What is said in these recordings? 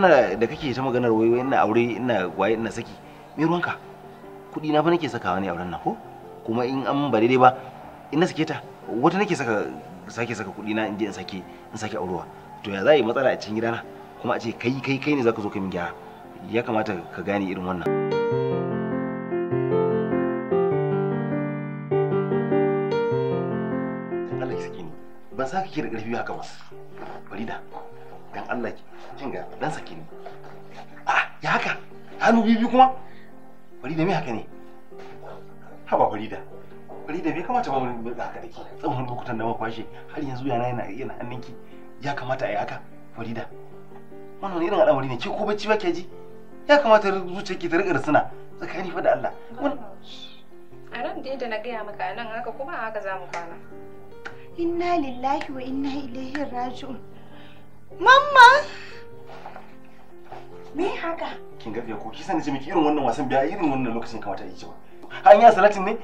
magana da kake ta maganar wai ina aure ina waye ina saki me ruwanka kudi na fa nake sakawa ne auren nan ko kuma in an ba daidai ba ina sake ta wata nake saka sake saka kudi na in je in sake in sake aurewa to ya za a yi matsala a cikin gidana kuma a ce kai kai kai ne zaka zo ka min gyara ya kamata ka gane irin wannan Allah ya saki ni ban saka ki da karfi haka ba Farida dan Allah ki kin ga dan sake ni ah ya haka hannu bibi kuma Farida me haka ne haba Farida Farida bai kamata ba mun da haka dake tsawon lokutan da muka kwashe har yanzu yana yana yana ki ya kamata a yi haka Farida wannan irin al'amari ne ke ko bacci ba ke ji ya kamata ki ta rika suna tsakani fa da Allah a ran da yadda na gaya maka nan haka kuma haka za mu kwana inna lillahi wa inna ilaihi raji'un Mamma! Me haka? Kin ga ko ki sani miki irin wannan wasan biya irin wannan lokacin kamata yi ba. An ya asalatin ne?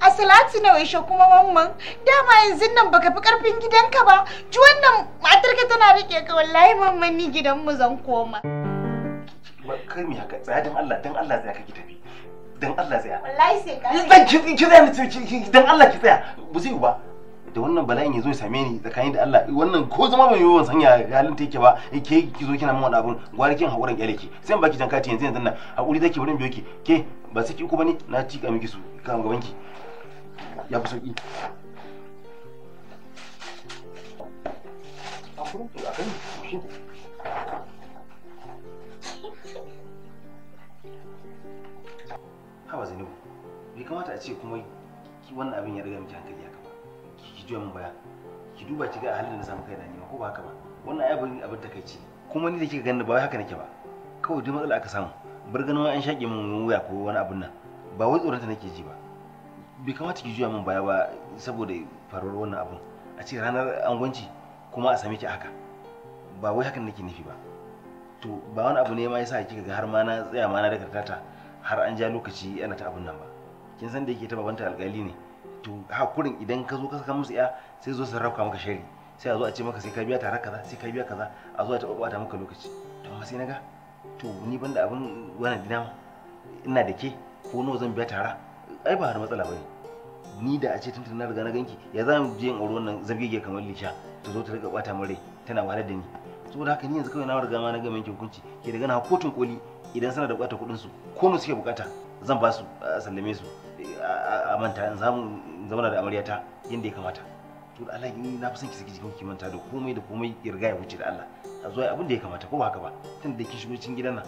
A Asalati na waishe kuma mamman. Dama yanzu nan baka fi karfin gidanka ba. Ji wannan matar ka tana rike ka wallahi mamma ni gidan mu zan koma. Kai mi haka tsaya dan Allah dan Allah tsaya ka ki tafi. Dan Allah tsaya. Wallahi sai ka. Zan ki ki tsaya ni dan Allah ki tsaya. Bu zai ba. da wannan bala'in ya zo ya same ni tsakani da Allah wannan ko zama yi wa sanya halin take ba eh, ke ki zo kina min wani abun gwari kin hakurin kyale ki sai in baki kati yanzu yanzu nan hakuri take wurin biyo ki ke ba su ki uku bane na tika miki su kan gaban ki ya fi sauki Hawa Zainabu, bai kamata a ce kuma wannan abin ya riga miki hankali haka. ki juya min baya ki duba ki ga halin da samu da ni ko ba haka ba wannan ai abin abin takeici kuma ni da kika ganni ba wai haka nake ba kawai duk matsala aka samu bar ganin an shaƙe min wuya ko wani abin nan ba wai tsoronta nake ji ba bai kamata ki juya min baya ba saboda faruwar wannan abin a ce ranar angwanci kuma a same ki haka ba wai haka nake nufi ba to ba wani abu ne ma yasa kika ga har ma na tsaya ma na da karkata har an ja lokaci ana ta abun nan ba kin san da yake ta babanta alƙali ne to hakurin idan ka zo ka saka musu iya sai zo su rafka maka shari sai a zo a ce maka sai ka biya tare kaza sai ka biya kaza a zo a taɓa ɓata maka lokaci to amma sai naga to ni banda abin wannan dina ina da ke ko nawa zan biya tara ai ba har matsala bane ni da a ce tuntun na riga na ganki ya za mu je in aure wannan zabgege kamar lisha ta zo ta riga bata min rai tana wahalar da ni saboda haka ni yanzu kawai na riga ma na ga yanke hukunci ke daga na kotun koli idan suna da bukatar kuɗinsu su ko mu suke bukata zan ba su a sallame su a manta in samu zauna da amaryata yadda ya kamata to da Allah ni na fi son ki saki jikin ki manta da komai da komai ki riga ya wuce da Allah a zuwa abin da ya kamata ko ba haka ba tun da ki shigo cikin gidan nan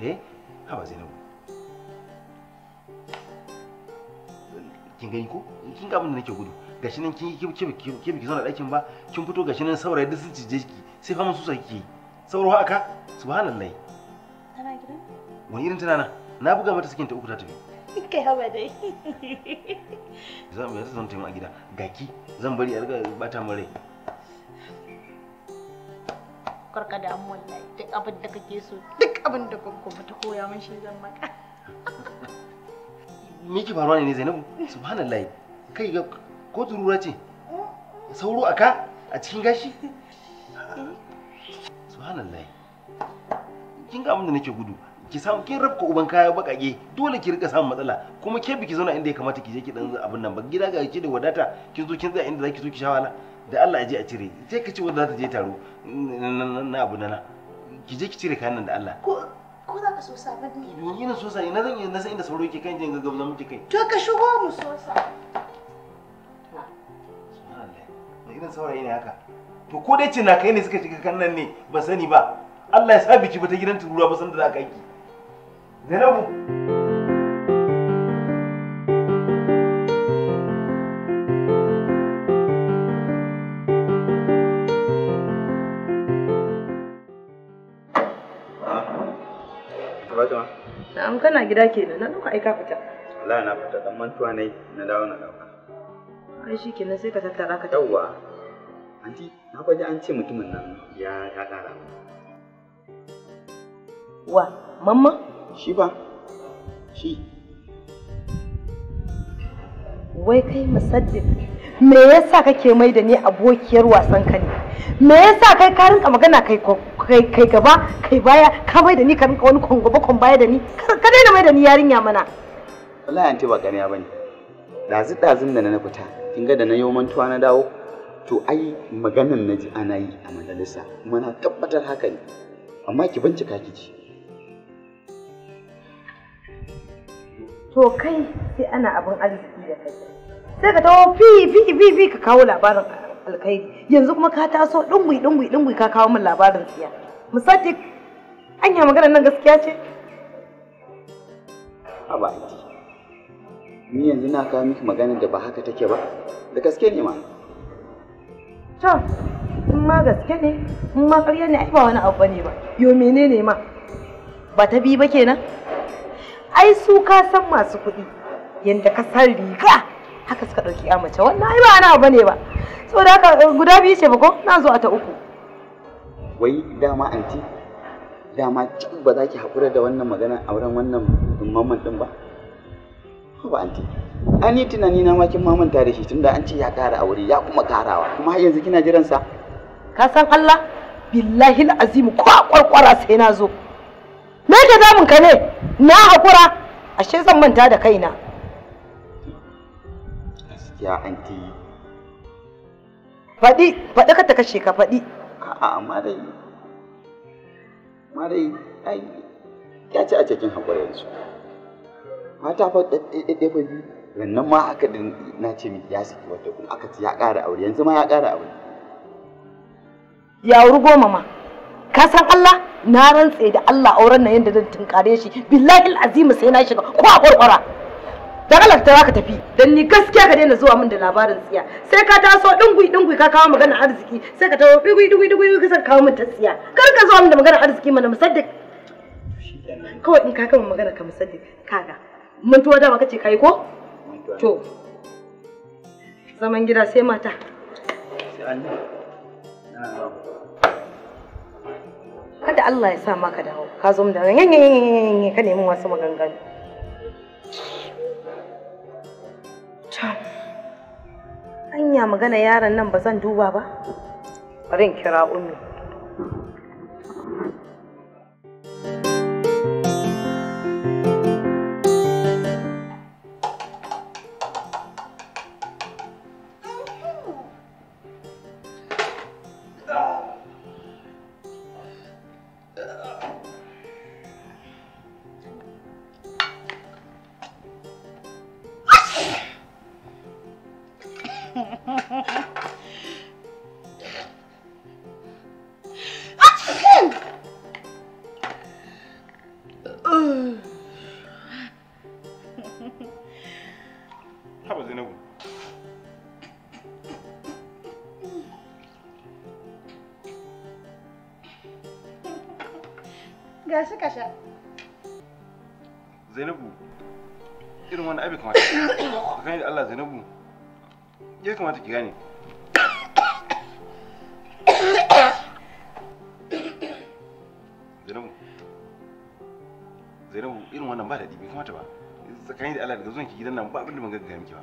eh na ku. kin gani ko kin ga abin da nake gudu gashi nan kin ki ki ki zauna ɗakin ba kin fito gashi nan saurayi duk sun cije ki sai fa mun susa kike sauro haka subhanallahi tana gidan wani irin tana na buga mata sakin ta uku ta tafi kai haba dai zan bai zan taimaka gida gaki zan bari a riga bata mu rai karka da amma wallahi duk abin da kake so duk abin da kuma ta koya min shi zan maka miki faruwa ne Zainabu subhanallah kai ga ko turura ce sauro a ka a cikin gashi subhanallah kin ga abin da nake gudu ki samu kin rabka uban kaya bakage dole ki rika samun matsala kuma ke biki zauna inda ya kamata ki je ki dan abin nan ba gida ga ki da wadata ki zo kin tsaya inda zaki zo ki sha wala da Allah ya je a cire sai ka ci wanda za ta je taro na abu na ki je ki cire kayan nan da Allah ko ko za ka so ni ne ina so sa ina zan yi na san inda sauro yake kan jin zan miki kai to ka shigo mu so sa irin saurayi ne haka to ko dai cinakai ne suka shiga kan nan ne ba sani ba Allah ya sa biki ba ta gidan turuwa ba san da za ka yi Zainabu. Fatima. Na'am kana gida kenan na dauka a'ika fita. Allah na fita dan mantuwa ne na dawo na dauka. Ai shi kenan sai ka tattara ka tafi. Yawwa. Anti na kwaje an ce mutumin nan ya ya kara. Wa mamma? shi ba shi wai kai musaddiq me yasa kake mai da ni abokiyar wasan ka ne me yasa kai ka rinka magana kai kai gaba kai baya ka mai da ni ka rinka wani kongoba kon baya da ni ka daina mai da ni yarinya mana wallahi anti ba ganiya bane dazu dazun da na fita kin ga da na yau mantuwa na dawo to ai maganan naji ana yi a majalisa kuma na tabbatar haka ne amma ki bincika ki ji to kai sai ana abin arziki da kai sai ka tawo fi fi fi fi ka kawo labarin alkhairi yanzu kuma ka taso dungui dungui dungui ka kawo min labarin tsiya musati anya magana nan gaskiya ce aba ni yanzu na kawo miki magana da ba haka take ba da gaske ne ma to in ma gaske ne in ma ƙarya ne ai ba wani abu bane ba yo menene ma ba ta bi ba kenan ai su ka san masu kuɗi yanda ka san riga haka suka ɗauki ya wannan ai ba ana ne ba saboda haka eh, guda biyu ce ba ko na zo a ta uku wai dama anti dama cin ba za ki haƙura da wannan magana auren wannan mamman ɗin ba ba anti an yi tunani na makin mamanta da shi tunda an ce ya ƙara aure ya kuma ƙarawa kuma har yanzu kina jiran sa ka san Allah billahi azimu ko kwarkwara sai na zo me ke damun ka ne na haƙura ashe zan manta da kaina gaskiya anti faɗi faɗi ka ta kashe ka faɗi a'a amma dai ai ya ce a cikin haƙura yanzu mata fa ɗaiɗaiɗai fa biyu rannan ma haka da na ce miki ya saki wata kuma aka ce ya ƙara aure yanzu ma ya ƙara aure ya wuri goma ma ka san Allah na rantse da Allah auren nan yadda zan tunkare shi billahi azimi sai na shiga ko a kwarkwara Da Allah ta ka tafi dan ni gaskiya ka daina zuwa min da labarin tsiya sai ka taso dingui dingui ka kawo magana arziki sai ka tawo dingui dingui dingui ka san kawo min ta tsiya kar ka zuwa min da magana arziki mana musaddiq kawai in ka kama magana ka musaddiq kaga mun tuwa dama kace kai ko to zaman gida sai mata sai Allah kada Allah ya sa maka dawo ka zo yan da yan ka nemi wasu maganganu anya magana yaron nan ba zan duba ba bari in kira ummi suka sha zainabu irin wani abin kamata ka gani da allah zainabu ya kamata ki gane zainabu zainabu irin wannan ba da daɗi bai kamata ba tsakani da allah daga zuwan ki gidan nan ba abin da ban gaggaya miki ba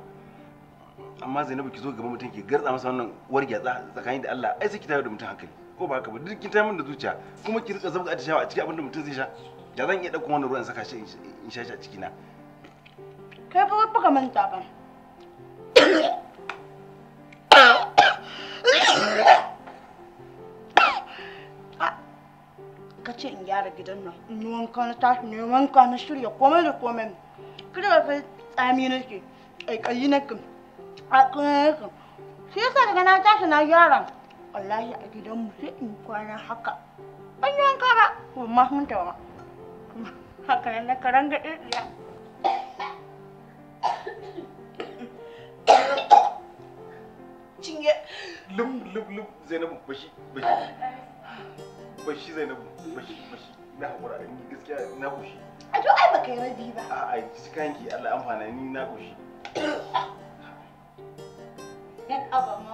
amma zainabu ki zo gaba mutum ki garza masa wannan wargiya tsakani da allah ai sai ki tayar da mutum hankali ko ba haka ba duk kita min da zuciya kuma ki rika zabga atishawa a cikin abin da mutum zai sha da zan iya dauko wannan ruwan saka shi in sha shi a na kai fa baka manta ba ah, ka ce in gyara gidan nan in yi wanka na tashi ne wanka na shirya komai da komai kada ka fi tsami nake ƙaiƙayi nake a kuma nake shi yasa daga na tashi na gyara wallahi a gidan mu sai in kwana haka an yi kara ba ma mun tawa haka nan na karan ga ɗirɗiya cinye lum lum lum zainabu bashi bashi bashi zainabu bashi bashi na haƙura ni gaskiya na goshi a to ai baka yi rabi ba a ai cikin kanki Allah amfana ni na kushi dan abama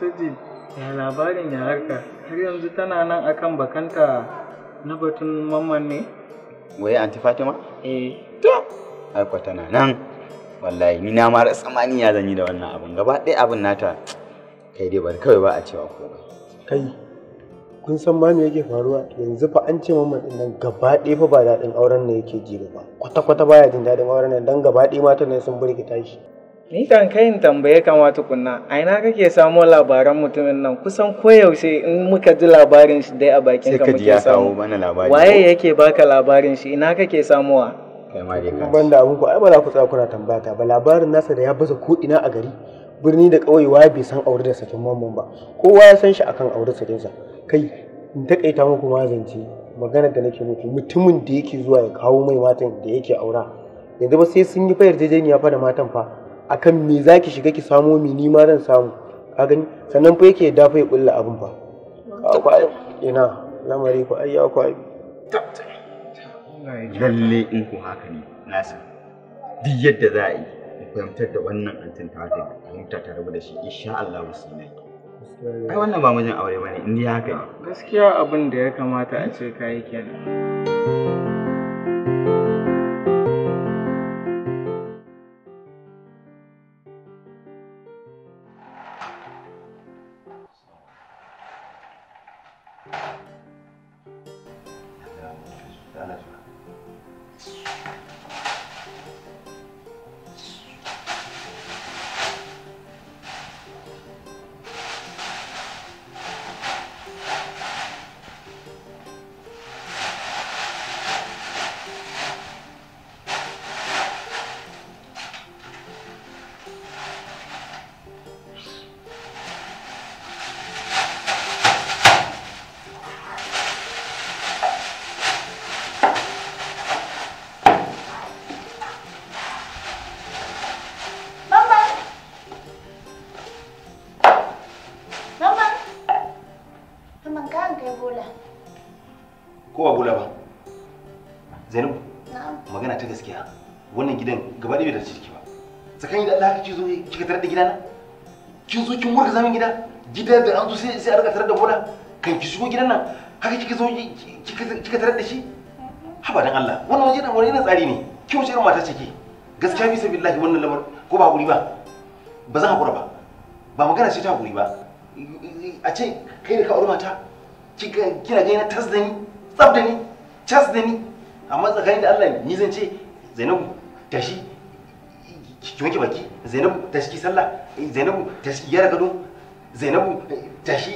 Suji, ya labarin ya harka har yanzu tana nan akan bakanta na batun mamman ne? Waye anti Fatima? Eh. To, aiko tana nan. Wallahi ni na mara tsamani ya zanyi da wannan abun gaba ɗaya abin nata kai dai bari kawai ba a cewa komai. Kai kun san ba me yake faruwa yanzu fa an ce mamman din nan gaba ɗaya fa ba daɗin auren ne yake ji ba kwata kwata baya jin daɗin auren nan dan gaba ɗaya matan nan sun burge tashi. Ni kan kai in tambaye kan wata kunna, a ina kake samo labaran mutumin nan kusan koyaushe in muka ji labarin shi dai a bakin ka muke samu. Waye yake baka labarin shi ina kake samuwa? Ban da abun ku. ai ba ku tsaya kuna tambaya ta ba labarin nasa da ya baza ko ina a gari. Birni da kauye waye bai san aure da sakin mamman ba. Kowa ya san shi akan aure sakinsa. Kai in takaita muku zance maganar da nake muku mutumin da yake zuwa ya kawo mai matan da yake aura. Yanzu ba sai sun yi fa yarjejeniya fa da matan fa. akan me za ki shiga ki samo mi ni ma zan samu ka gani sannan fa yake da fa ya kulla abin fa akwai ina lamari ku ai akwai lalle in ku haka ne na san duk yadda za a yi fahimtar da wannan antin ta da fahimta ta rabu da shi insha Allah wasu ne ai wannan ba mijin aure bane in dai haka ne gaskiya abin da ya kamata a ce kai kenan ko ba bula ba zainabu magana ta gaskiya wannan gidan gaba ɗaya bai dace ciki ba tsakanin da Allah ci zo kika tarar da gidana kin zo kin wurga zaman gida gidan da an zo sai sai a rika tarar da bola kan ki shigo gidan nan haka kika zo kika tarar da shi haba dan Allah wannan waje da wani irin tsari ne ki wace irin mata ce ke gaskiya bisa billahi wannan lamar ko ba guri ba ba zan hakura ba ba magana ce ta guri ba a ce kai da ka aure mata kina gaina tasdani tas ni tsaf da ni cas da ni amma tsakanin da Allah ni zan ce Zainabu tashi ki wanke baki Zainabu tashi ki sallah Zainabu tashi ki gyara gado Zainabu tashi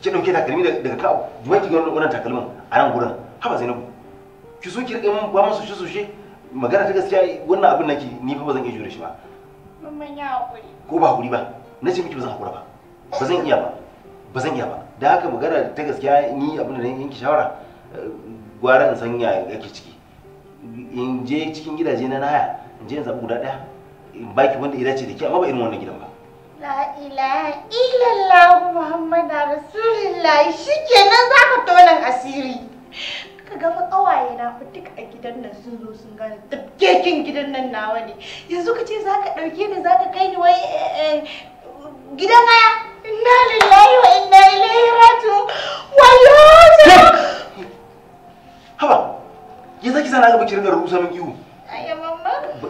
ki dauke takalmi daga kawo ki wanke wannan takalmin a nan gurin haba Zainabu ki so ki rike mun ba musu shushe magana ta gaskiya wannan abin nake ni fa ba zan iya jure shi ba mun ya hakuri ko ba hakuri ba na ce miki ba zan hakura ba ba zan iya ba ba zan iya ba da haka magana ta gaskiya ni abin da yanke shawara gwara in san ya ake ciki in je cikin gidaje na naya in je in zaɓi guda ɗaya in baki wanda ya dace da ke amma ba irin wannan gidan ba La ilaha illallah Muhammad Rasulullah shi nan za ka tonan asiri. Ka gama kawaye na fa duk a gidan nan sun zo sun gane tafkekin gidan nan nawa ne. Yanzu ka ce za ka ɗauke ni za ka kai ni wai eh, eh, gidan haya? Inna lillahi ki ringa rusa min ihu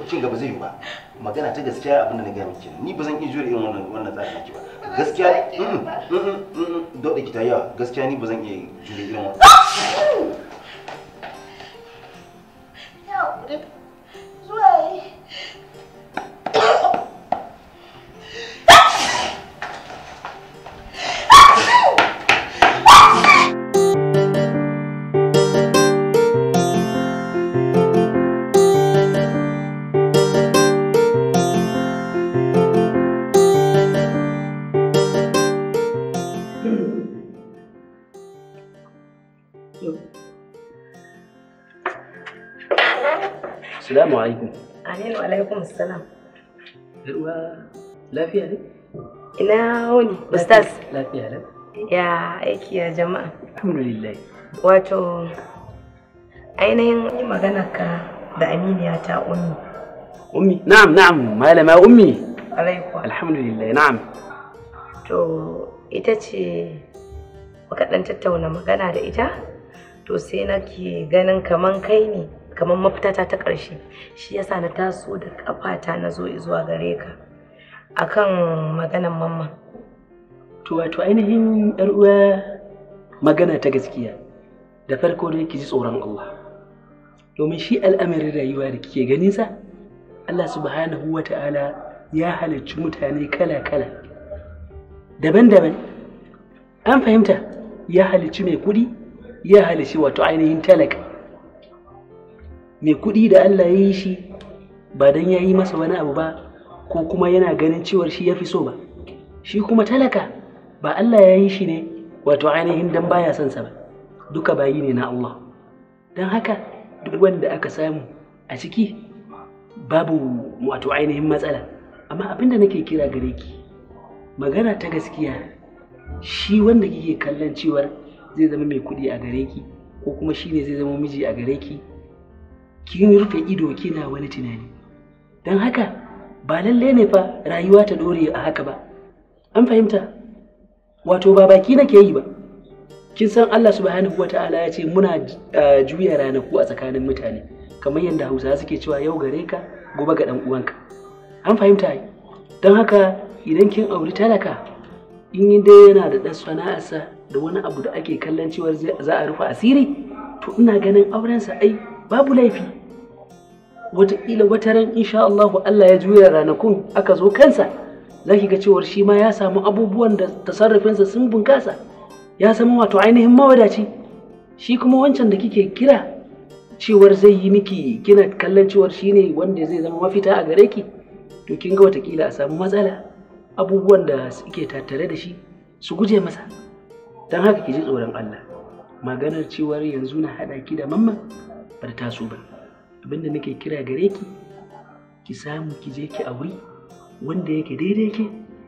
kin mamma. ba zai yi ba magana ta gaskiya abin da na gaya miki ni ba zan iya jure irin wannan wannan tsarin naki ba gaskiya dole ki ta yawa gaskiya ni ba zan iya jure irin wannan Assalamu alaikum. Amin wa alaikum salam. Yarwa lafiya ne? Ina wani Ustaz. Lafiya ne? Ya aiki ya jama'a. Alhamdulillah. Wato ainihin magana ka da aminiya ta ummi. Ummi, na'am na'am, malama ummi. Alaikwa. Alhamdulillah, na'am. To ita ce muka dan tattauna magana da ita? to sai nake ganin kaman kai ne kaman mafitata ta ƙarshe shi yasa na taso da ƙafata na zo zuwa gare ka akan maganan mamma to wato ainihin yar uwa magana ta gaskiya da farko dai ki ji tsoron Allah domin shi al'amarin rayuwa da kike gani sa Allah subhanahu wa ta'ala ya halicci mutane kala-kala daban-daban an fahimta ya halicci mai kuɗi ya halishi wato ainihin talaka mai kuɗi da Allah ya yi shi ba don ya yi masa wani abu ba ko kuma yana ganin cewar shi ya fi so ba shi kuma talaka ba Allah ya yi shi ne wato ainihin don baya son sa ba duka bayi ne na Allah don haka duk wanda aka samu a ciki babu wato ainihin matsala amma abinda nake kira gare ki magana ta gaskiya shi wanda kike kallon cewar zai zama mai kuɗi a gare ki ko kuma shi ne zai zama miji a gare ki kin rufe ido kina wani tunani don haka ba lallai ne fa rayuwa ta dore a haka ba an fahimta wato ba baki ke yi ba kin san Allah subhanahu wata'ala ya ce muna juya ranaku a tsakanin mutane kamar yadda Hausawa suke cewa yau gare ka gobe ga dan uwanka an fahimta don haka idan kin auri talaka in dai yana da ɗan sana'arsa da wani abu da ake kallon cewa za a rufe asiri to ina ganin aurensa ai babu laifi wataƙila wata ran insha Allah Allah ya juya ranakun aka zo kansa za ki ga cewar shi ma ya samu abubuwan da tasarrufinsa sun bunkasa ya samu wato ainihin mawadaci shi kuma wancan da kike kira cewar zai yi miki kina kallon cewar shi ne wanda zai zama mafita a gare ki to kin ga watakila a samu matsala abubuwan da suke tattare da shi su guje masa don haka ki ji tsoron Allah maganar cewar yanzu na haɗa ki da mamma da taso ba abinda nake kira gare ki ki samu ki je ki aure wanda yake daidai ke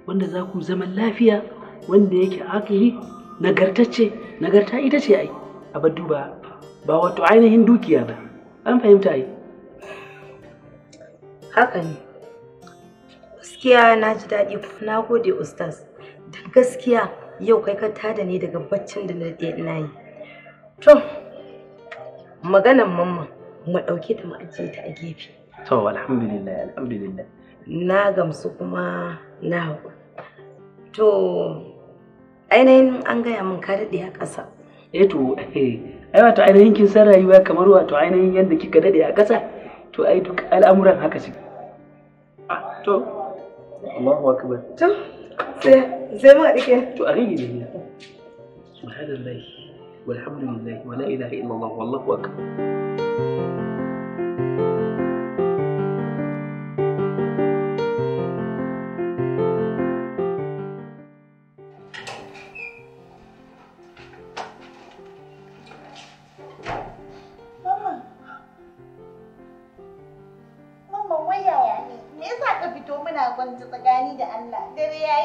wanda za ku zaman lafiya wanda yake akili nagartacce nagarta ita ce ai a baddu ba wato ainihin dukiya ba an fahimta ai haka ne gaskiya na ji daɗi na gode ustaz da gaskiya yau kai ka tada ni daga baccin da na ina yi to maganan mamman mu dauke ta mu ajiye ta a gefe to alhamdulillah alhamdulillah na gamsu kuma na haƙu to ainihin an gaya min ka daɗe a ƙasa eh to eh, ai wato ainihin kin san rayuwa kamar wato ainihin yadda kika daɗe a ƙasa to ai duk al'amuran haka shi ah, to Allahu akbar to زي ما قلت تؤغيني سبحان الله والحمد لله ولا اله الا الله والله اكبر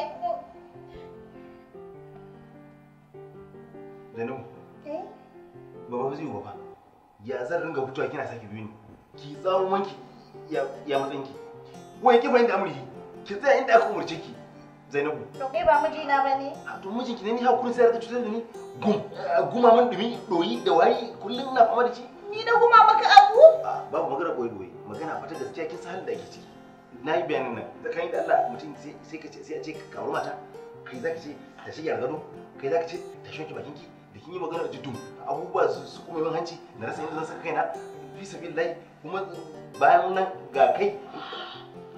Zainabu. Zainabu. Eh? Baba zai yiwu ba. Ya zan ringa fitowa kina saki biyu ne. Ki tsawo manki ya ya matsayin ki. Wai ki bayin da amri. Ki tsaya inda aka umurce ki. Zainabu. To kai ba mijina ba ne? A to mijinki ne ni hakurin sai ka cutar da ni. Gum guma mun dumi doyi da wari kullum na fama da shi. Ni na guma maka abu? Babu magana boye-boye. Magana fata gaskiya kin san halin da ake ciki. na yi bayanin nan da kan da Allah mutum sai ka ce sai a ce ka kawo mata kai za ka ce ta shi yar gado kai za ka ce ta shoki bakin ki da kin yi magana da jiddu abubuwa su kuma min hanci na rasa yadda zan saka kaina fi sabilillahi kuma bayan nan ga kai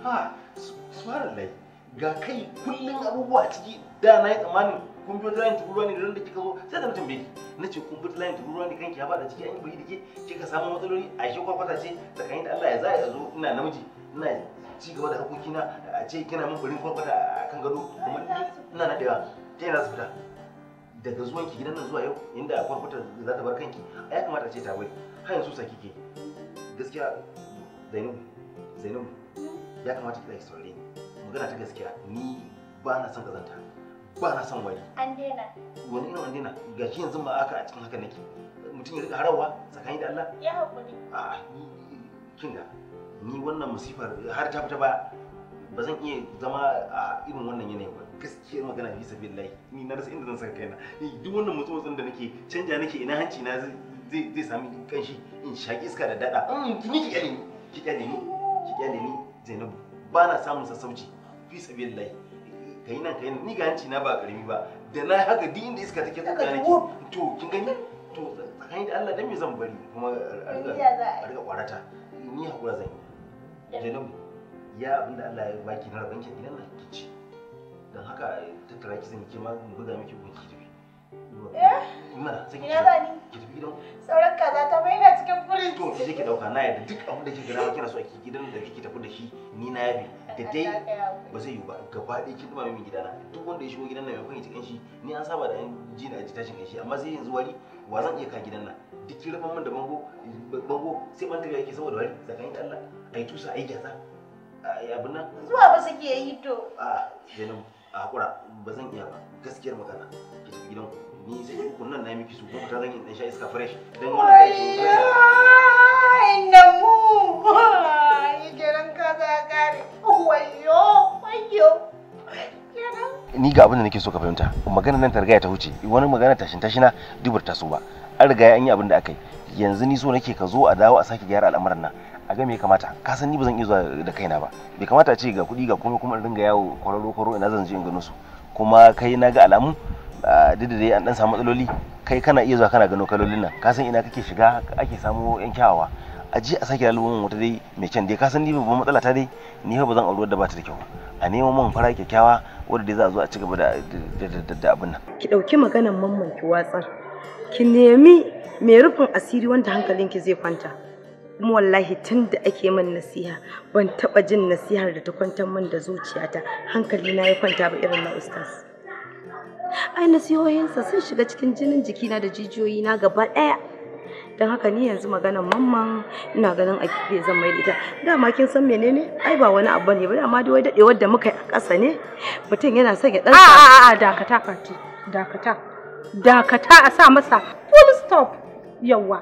ha subhanallahi ga kai kullum abubuwa a ciki da na yi tsammanin kun biyo ta layin tururuwa ne da da kika zo sai da mutum bai na ce kun biyo ta layin tururuwa ne kanki ya bada ciki an yi bai da ke kika samun matsaloli a shi kwakwata ce tsakanin da Allah ya za ya zo ina namiji ina ci gaba da harkoki na a ce kina min burin kwarkwata da kan gado kuma ina na daya ta yana su fita daga zuwan ki gidan nan zuwa yau inda kwarkwata za ta bar kanki a ya kamata ce ta bai har yanzu sa kike gaskiya zainu zainu ya kamata ki tsaya saurare ni magana ta gaskiya ni ba na son kazanta ba na son wari an dena wani ina an ga gashi yanzu ma aka a cikin haka nake mutum ya rika harawa tsakanin da Allah ya hakuri a'a kinga ni wannan musifar har ta fita ba ba zan iya zama a irin wannan yanayin ba gaskiyar magana fi bisa lai ni na rasa inda zan saka kaina eh, duk wannan mutsotsin da nake canja nake ina hanci na zai zai sami kanshi in shaki iska da dada in mm, ki ni kyale ni ki kyale ni ki kyale ni Zainabu ba na samun sassauci bisa billahi kai nan kai ni ga hanci na ba karami ba da na haka duk inda iska take kuka gane ki to kin gani to tsakanin da Allah dan me zan bari kuma a riga kwarata ni hakura zan yi Zainabu ya abin da Allah ya baki na rabon ki gidan nan ki ci. Don haka tattara ki zan ki ma buga miki gunki Eh? Mana ki ta dauka na yadda duk abin da kike ki ba zai yiwu ba gaba ɗaya kin duma min gidana. Duk wanda ya shigo gidan nan ni an saba da yan ji na ji tashin kanshi amma sai yanzu wari wa zan iya ka gidan nan. Duk kin rufe min da bango bango sai ban tafiya yake saboda wari Allah tusa ai Zuwa ba yi to. Ah, a Zainabu a hakura ba zan iya ba gaskiyar magana ki tafi gidanku. ni sai uku nan na miki su ta zan yi dan sha iska fresh dan wannan kai shi inna mu kiran ka za kare wayo wayo ni ga abin da nake so ka fahimta magana nan ta riga ta huce wani magana tashin tashina dubar ta so ba an riga an yi abinda da aka yi yanzu ni so nake ka zo a dawo a sake gyara al'amuran nan a ga me ya kamata ka san ni ba zan iya zuwa da kaina ba bai kamata a ce ga kuɗi ga komai kuma in ringa yawo kwararo kwararo ina zan je in gano su kuma kai na ga alamu Ah, duk da dai an dan samu matsaloli kai kana iya zuwa kana gano kalolin nan ka san ina kake shiga ake samu yan kyawawa a je a sake lalumin wata dai mai kyan dai ka san ni babban matsala ta dai ni ba zan auri da ba ta da kyau a neman man fara kyakkyawa wanda dai za a zo a ci gaba da da abin nan ki dauki maganan mamman ki watsar ki nemi mai rufin asiri wanda hankalinki zai kwanta kuma wallahi tun da ake min nasiha ban taba jin nasihar da ta kwantar min da zuciyata hankali na ya kwanta ba irin na ustaz ai nasihohinsa sun shiga cikin jinin jikina da jijiyoyina gaba ɗaya don haka ni yanzu maganar mamman ina ganin a kife zan mai ita dama kin san menene ai ba wani abu ne ba dama dai wai da muka yi a ƙasa ne mutum yana son ya dan a a a dakata fati dakata dakata a sa masa full stop yawa